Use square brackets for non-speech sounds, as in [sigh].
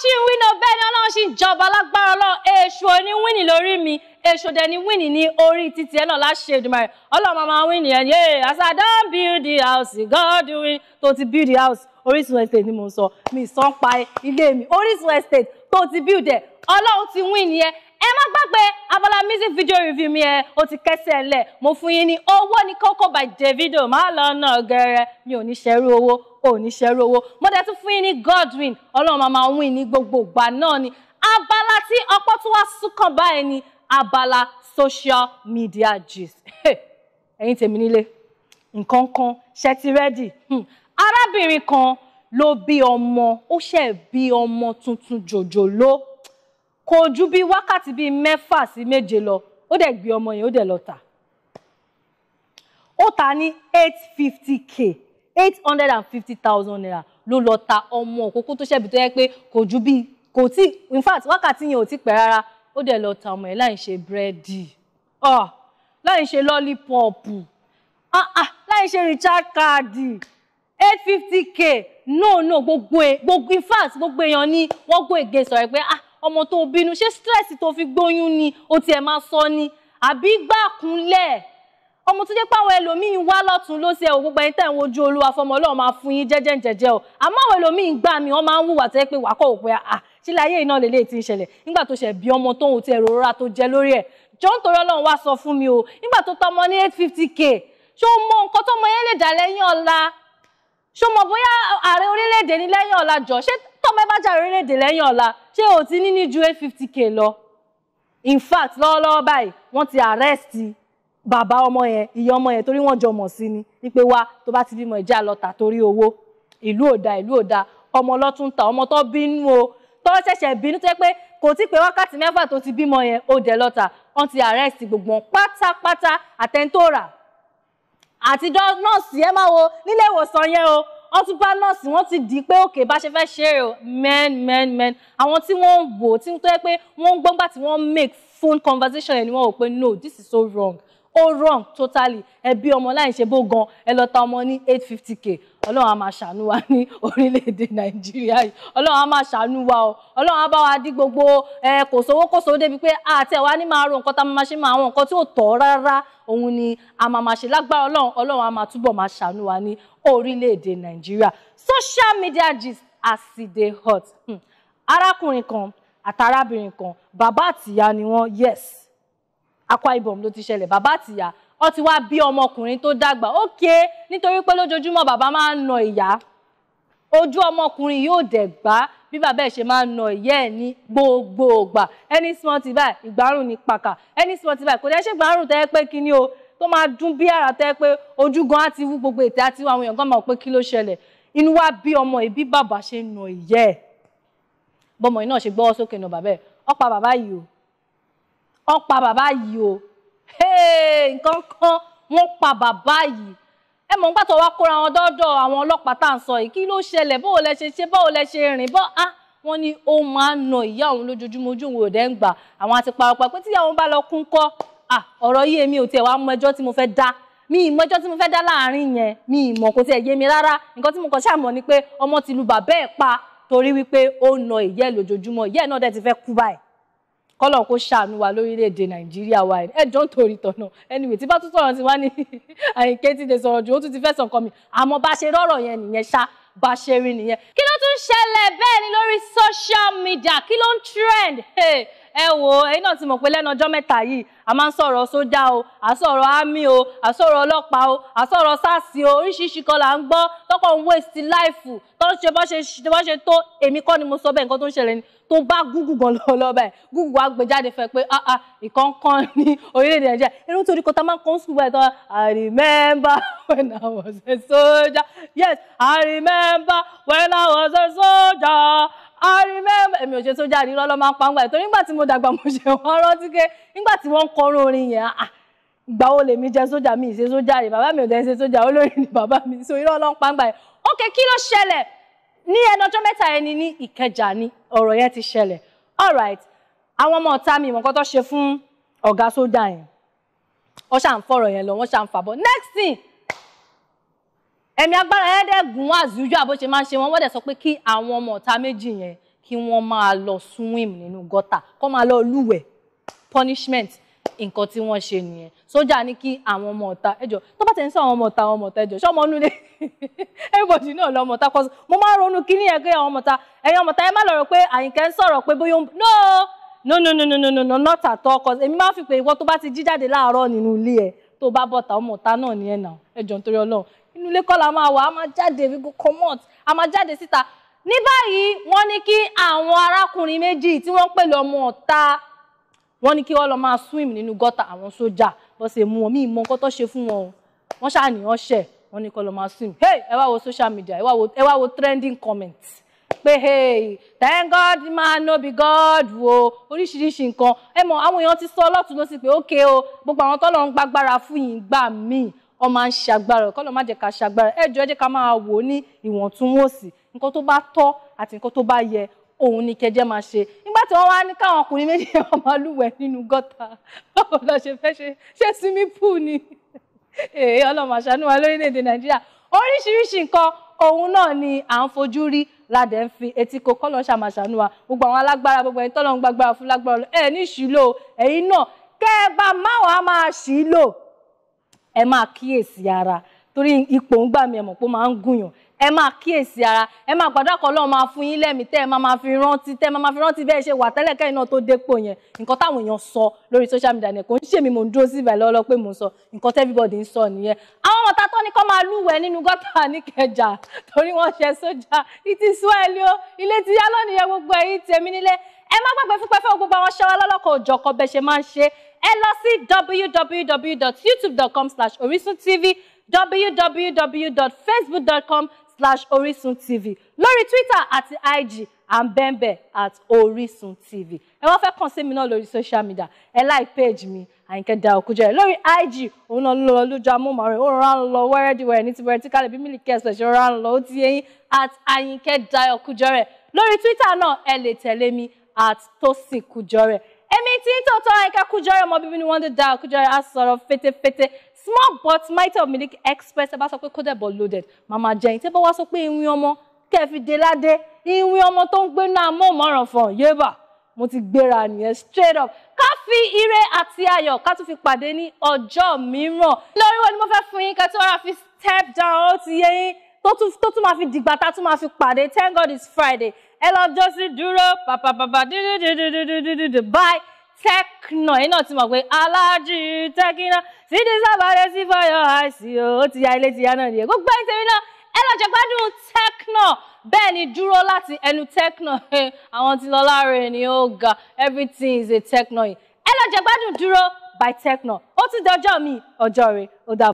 ṣì ń wínà bẹ́ẹ̀ ni ọlọ́run ṣì ń jọba lágbára ọlọ́run èṣù òní wínì lórí mi èṣù dẹ̀ ni wínì ní orí títí ẹ̀ náà láṣẹ Èdùmàrè ọlọ́run máa wínì ẹ̀ yé as I don build the house God win tó ti build the house Orísun estate ni mo sọ mi sàn pa ilé mi Orísun estate tó ti build ẹ̀ ọlọ́run ti wínì ẹ̀ ẹ má gbàgbé abala music video review mi ẹ o ti kẹsẹ̀ lẹ̀ mo fún yín ní owó ní kókó by Davido má lọ náà gẹrẹ mi ò ní ṣerú owó ò ní ṣerú owó mo dẹ̀ tún fún yín ní Godwin ọlọ́run máa máa win ní gbogbo ìgbà náà ni abala tí ọ̀pọ̀ tún wá súnkàn báyìí ni abala social media gist ẹ̀yin tèmi nílé nǹkan kan ṣe ti rẹ́dì hmm, arábìnrin kan ló bí ọmọ ó ṣe bí ọmọ tuntun jòjòló kò ju bí wákàtí bíi mẹ́fà sí méje lọ ó dẹ̀ gbé ọmọ yẹn ó dẹ̀ lọ tà ó tà ní eight fifty k eight hundred and fifty thousand naira ló lọ ta ọmọ òkókó tó ṣẹ̀bi tó yẹ pé kò ju bíi kò tí in fact wákàtí yẹn ò tí pẹ́ rárá ó dẹ̀ lọ ta ọmọ yẹn láì ṣe búrẹ́dì ah, láì ṣe lọ́lípọ̀pù ah, ah, láì ṣe richard káàdì eight fifty k no no e, gbogbo in fact gbogbo èèyàn ni wọ́n gbó ègé sọ̀rọ̀ pé ah ọmọ tó bínú ṣé stress tó fi gbóyún ni ó tiẹ̀ máa sọ ni àbí gbà kúnlẹ̀ ọmọ tó jẹ́ pé àwọn ẹlòmíín wá lọ́tún ló ṣe ò gbogbo ẹni tẹ̀ ń wojú olúwa fọmọ ọlọ́run máa fún yín jẹ́jẹ́ jẹ́jẹ́ o àmọ́ àwọn ẹlòmíín gbà mí wọ́n máa ń hùwà tó yẹ pé wàá kọ̀ wò pé à sí láyé iná lélẹ́yìí tí ń ṣẹlẹ̀ nígbà tó ṣẹ̀ bí ọmọ tóun ti ẹ̀rọ rọra tó jẹ lórí ẹ̀ jọ́ ń torí ọlọ́run wá sọ fún mi o nígbà tó tọmọ ní eight fifty k ṣó mọ nǹkan tọmọ yẹn lè dà lẹ́yìn ọ̀la ṣó mọ bóyá ààrẹ orílẹ̀-èdè ní lẹ́yìn ọ̀la jọ ṣé fẹ́ bájà orílẹ̀-èdè lẹ́yìn ọ̀la ṣé o ti ní ní ju eight fifty k lọ in fact lọ́wọ́lọ́wọ́ báyìí wọ́n ti arrest bàbá ọmọ yẹn ìyá ọmọ yẹn torí wọ́n jọ mọ̀ sí ni wípé wá tó bá ti bímọ ìjà lọ tà torí owó ìlú òda ìlú òda ọmọ lọ́tún ta ọmọ tó bínú o tó ṣẹ̀ṣẹ̀ bínú tó yẹ pé kò tí pé wákàtí mẹ́fà tó ti bímọ yẹn ó dẹ̀ lọ́tà wọ́n ti arrest gbogbo wọn pátápátá àtẹ̀ntó rà nọ́ọ̀sì ẹ máa wo nílé ìwòsàn yẹn o wọ́n tún bá nọ́ọ̀sì wọ́n ti di pé òkè bá ṣe fẹ́ ṣe é o men men men àwọn tí wọ́n ń wò tí tó yẹ pé wọ́n ń gbọ́ngbà tí wọ́n make phone conversation yẹn ni wọ́n wò pé no this is so wrong All wrong totally ẹbí ọmọ láì ṣe bó gan ẹ lọ ta ọmọ ní eight fifty k ọlọ́run á máa ṣàánú wa ní [laughs] orílẹ̀-èdè nàìjíríà yìí ọlọ́run á máa ṣàánú wa o ọlọ́run á bá wa dí gbogbo kò sówó kò sówó débi pé àti ẹ̀wá ní máa ro nǹkan tá a máa ṣe máa àwọn nǹkan tí ò tọ́ rárá òun ni a máa máa ṣe lágbára ọlọ́run ọlọ́run á máa túbọ̀ máa ṣàánú wa ní orílẹ̀-èdè nàìjíríà social media gist as e hot hmm. arákùnrin kan àtàrábìnrin kan bàbá àtìyá ni wọ́n yes Akwa Ibom ló ti ṣẹlẹ̀ bàbá àtìyá ó ti wá bí ọmọkùnrin tó dàgbà ókè nítorí pé lójoojúmọ́ bàbá máa ń na ìyá ojú ọmọkùnrin yóò dẹ̀ gbá bí bàbá ẹ̀ ṣe máa ń na ìyẹ́ ẹ̀ ní gbogbo ògbà ẹni small ti báyìí ìgbárùn ní pàkà ẹni small ti báyìí kò dẹ́ ṣe gbárùn tẹ́ pé kíní o tó máa dún bí àrà tẹ́ pé ojú gan á ti wú gbogbo ètè àti àwọn èèyàn gan mọ̀ pé kí ló ṣẹlẹ̀ inú wa bí ọmọ ìbí bàbá ṣe na ìyẹ́ ẹ̀ bọ́mọ iná ṣe gbọ́wọ́ sókè na bàbá ẹ̀ ó pa bàbá yìí o ó pa bàbá yìí o nǹkan kan wọ́n pa bàbá yìí ẹ mọ̀ nígbà tó wá kóra wọn dọ́dọ̀ àwọn ọlọ́pàá tá à ń sọ yìí kí ló ṣẹlẹ̀ báwo lẹ ṣe ṣe báwo lẹ ṣe rìn bọ́ á ah, wọn ni ó máa ń na ìyá òun lójoojúmọ́ ojú òun ò dẹ́ ń gbà àwọn àti parapọ̀ pé tíyàwó bá lọ kún kọ́ ah, ọ̀rọ̀ yìí èmi ò tiẹ̀ wá mọ ẹjọ́ tí mo fẹ́ dá mi ìmọ̀ ẹjọ́ tí mo fẹ́ dá láàrin yẹn mi ìmọ̀ kò tiẹ̀ yé mi rárá nǹkan tí mo kàn ṣàmọ̀ ni pé ọmọ ti lu bàbá ẹ̀ pa torí wípé ó na ìyá ẹ̀ lójoojúmọ́ ìyá ẹ̀ náà dẹ̀ ti fẹ́ kú báyìí kọ́lọ̀ kó ṣàánú wa lórílẹ̀‐èdè nàìjíríà wa ẹ̀ jọ́ ń torí tọ̀nà anyway tí bá tún sọ̀rọ̀ [laughs] tí wá ní àyìnkẹ́ ti dè sọ̀rọ̀ jù ó tún ti fẹ́ sọ̀kan mi àmọ́ bá ṣe rọ́rọ̀ yẹn nìyẹn ṣá bá ṣe rí nìyẹn. kí ló tún ṣẹlẹ̀ bẹ́ẹ̀ ni lórí social media kí ló ń trend ẹ wo ẹ̀yin náà ti mọ̀ pé lẹ́nu ọjọ́ mẹ́ta yìí a máa ń sọ̀rọ̀ sójà o à sọ̀rọ̀ àmì o à sọ̀rọ̀ ọlọ́pàá o à sọ̀rọ̀ sáàsì o oríṣiríṣi kan là ń gbọ́ tọ́kọ̀ ń waste life tó ń ṣe bó ṣe tó èmi kọ́ ni mo sọ bẹ́ẹ̀ nǹkan tó ń ṣẹlẹ̀ ni tó bá gúgù gan lọ lọ gúgù wa gbé jáde fẹ́ pé ah ah ìkan ní orílẹ̀-èdè nàìjíríà irú torí kọ́tà máa ń kọ́ sùkúl báyìí tó i remember when i was a soldier yes i remember when i was a soldier ọrin mẹ́rin èmi ò ṣe tó jáde lọ́lọ́ máa ń pa ńgbà ìtorí nígbà tí mo dàgbà [laughs] mo ṣe wọ́n rántí pé nígbà tí wọ́n ń kọrin orin yẹn ah, ah, ìgbà wo lèmi jẹ sójà mi ìṣe sójà rè bàbá mi ò dẹ́ ṣe sójà olórí ni bàbá mi so irọ́ ló ń pa ńgbà yẹn ókè kí ló ṣẹlẹ̀ ní ẹnu ọjọ́ mẹ́ta yẹn ni ní Ìkẹjà ni ọ̀rọ̀ yẹn ti ṣẹlẹ̀ all right àwọn ọmọ ọ̀tá mi ìmọ̀kọ́ tó ṣe fún ọ̀gá sójà yẹn wọ́n ṣà ń fọ̀rọ̀ yẹn lọ wọ́n ṣà next thing ẹ̀mí agbára ẹ̀ẹ́dẹ́gùn wà zújú àbó ṣe máa ń ṣe wọn wọ́n dẹ̀ sọ pé kí àwọn ọmọ ọ̀tá méjì yẹn kí wọ́n máa lọ swim nínú gọ́tà kọ́ máa lọ lúwẹ̀ punishment nǹkan tí wọ́n ṣe nìyẹn sójà ní kí àwọn ọmọ ọ̀tá ẹjọ́ tó bá ti ń sọ àwọn ọmọ ọ̀tá àwọn ọmọ ọ̀tá ẹjọ́ ṣé ọmọ inú lé [laughs] everybody náà lọ ọmọ ọ̀tá kọ́ mo máa ń ronú kí nìyẹn pé àwọn ọmọ ọ̀tá ẹ̀yin ọmọ ọ̀tá ẹ má lọ rò pé àyìnkẹ́ ń sọ̀rọ̀ pé bóyá no no no no no no no not at all cause èmi máa ń fi pé ìwọ tó bá ti jí jáde láàárọ̀ nínú ilé ẹ tó bá bọ̀tà ọmọ ọ̀tá náà nìyẹn náà ẹjọ́ nítorí Ọlọ́run nílé kọ́ la máa wà á máa jáde we go comot á máa jáde síta ní báyìí wọ́n ní kí àwọn arákùnrin méjì tí wọ́n ń pè ọ̀tá wọ́n ní kí wọ́n lọ máa swim nínú gọ́tà àwọn sójà wọ́n sì mú wọn mí ìmọ̀ nǹkan tó ṣe fún wọn o wọ́n ṣàní wọn ṣẹ̀ wọ́n ní kọ́ lọ máa swim hey ẹ wá wo social media ẹ wá wo ẹ wá wo trending comment pé hey thank God man no be God wo oríṣiríṣi nǹkan ẹ mọ̀ àwọn èèyàn ti sọ ọlọ́tún ló sì pé ókè o gbogbo àwọn tọ́lọ́run gbàgbára fún yìí gbà míì wọ́n máa ń ṣagbára kọ́lọ́ má jẹ́ ká ṣagbára ẹ jọ̀ọ́ ẹ jẹ́ ká máa wò ó ní ìwọ̀ntúnwọ̀nsì nǹkan tó bá tọ́ àti nǹkan tó bá yẹ òun ni kẹjẹ máa ṣe nígbà tí wọ́n wá ní káwọn ọkùnrin méjì [laughs] wọ́n máa lúwẹ̀ nínú gọ́tà báwo la ṣe fẹ́ ṣe ṣé swimming pool ni [laughs] èyí ọlọ́mọ àṣánú wa lórílẹ̀ nàìjíríà oríṣiríṣi nǹkan òun náà ni à ń fojú rí ládẹ̀ ń fi etí ko kọ́lọ́ ṣàmàṣánú wa gbogbo àwọn alágbára gbogbo ẹni tọ́lọ́ ń gbàgbára fún lágbára ẹ̀ ní ìṣìlò ẹ̀yìn náà kẹ́ ẹ bá máwọn máa ṣìlò ẹ máa kíyèsí ara torí ipò ń gbà mí ẹ mọ̀ pé ó máa ń gùnyàn ẹ máa kíyèsí ara ẹ máa gbàdúrà kọ́ lọ́run máa fún yín lẹ́mìí tẹ́ ẹ máa fi rántí tẹ́ ẹ máa fi rántí bẹ́ẹ̀ ṣe wà tẹ́lẹ̀ kẹ́yìn náà tó dépò yẹn nǹkan táwọn èèyàn sọ lórí social media nìkan ń ṣèmi mò ń dúró sí ìbàlẹ̀ ọlọ́ mò ń sọ nǹkan tẹ́ everybody ń sọ nìyẹn. àwọn ọ̀tá tó ni kọ́ máa lúwẹ̀ẹ́ nínú gọ́tà [laughs] níkẹjà torí wọ́n ṣe sójà ìtì sọ́ẹ̀lì o ilé ti yá lónìí yẹn gbogbo ẹ̀yìn tèmi nílé ẹ má gbàgbé fún pẹ́fẹ́ gbogbo ẹ lọ sí www.youtube.com slash orisun tv www.facebook.com slash orisun tv lórí twitter àti ig àǹbẹ̀ǹbẹ̀ at orisun tv ẹ wá fẹ́ kàn sí mi náà lórí social media ẹ like page mi àyìnkẹ́ da òkújẹ́ lórí ig òun náà lọ lójú amóhùnmáwòrán ó rọra ń lọ wẹ́rẹ́díwẹ̀rẹ́ ní ti bẹ̀rẹ̀ tí kálẹ̀ bí mílíkì ẹ̀sẹ̀ ṣe rọra ń lọ ó ti yẹyìn at àyìnkẹ́ da òkújẹ́ rẹ̀ lórí twitter náà ẹ lè tẹ̀lé mi at tosin kújọ́ rẹ̀ Emitting Toto Ika Kujore Omobibini Wonder Dal Kujore as sort of fete fete small but mighty of Miliki Express ẹ bá sọ pé kódà but loaded. Màmá Jẹ̀yìn tẹ́ bá wá sọ pé ìwín ọmọ kẹfì dé ládé ìwín ọmọ tó ń gbé náà mọ́ ọ̀mọ́ràn fún yébà mo ti gbéra nìyẹn straight up ká fi ire àti ayọ̀ ká tún fi pàdé ní ọjọ́ mìíràn. lórí wo ni mo fẹ́ fún yín ká tó ara fi step down ó ti yé yín tó tún máa fi dìgbà tá tún máa fi pàdé thank God it's Friday ẹ lọ jó sí dúró pàpàpàpà dídídídídídídí báyìí tẹ́kínà yìí náà ti mọ̀ pé aláàjì tẹ́kínà sídi sábàdé sí fọyọ́ àìsí o ó ti ya ilé ti ya náà nìyẹn gbogbo ẹ̀yìn tèmi náà ẹ lọ jẹ gbádùn tẹ́kínà bẹ́ẹ̀ ni dúró láti ẹnu tẹ́kínà [laughs] àwọn ti lọ láre ni ó ga everything is a tẹ́kínà yìí ẹ lọ jẹ gbádùn dúró by tẹ́kínà ó ti dọjọ́ mi ọjọ́ rẹ̀ ó dàbọ̀.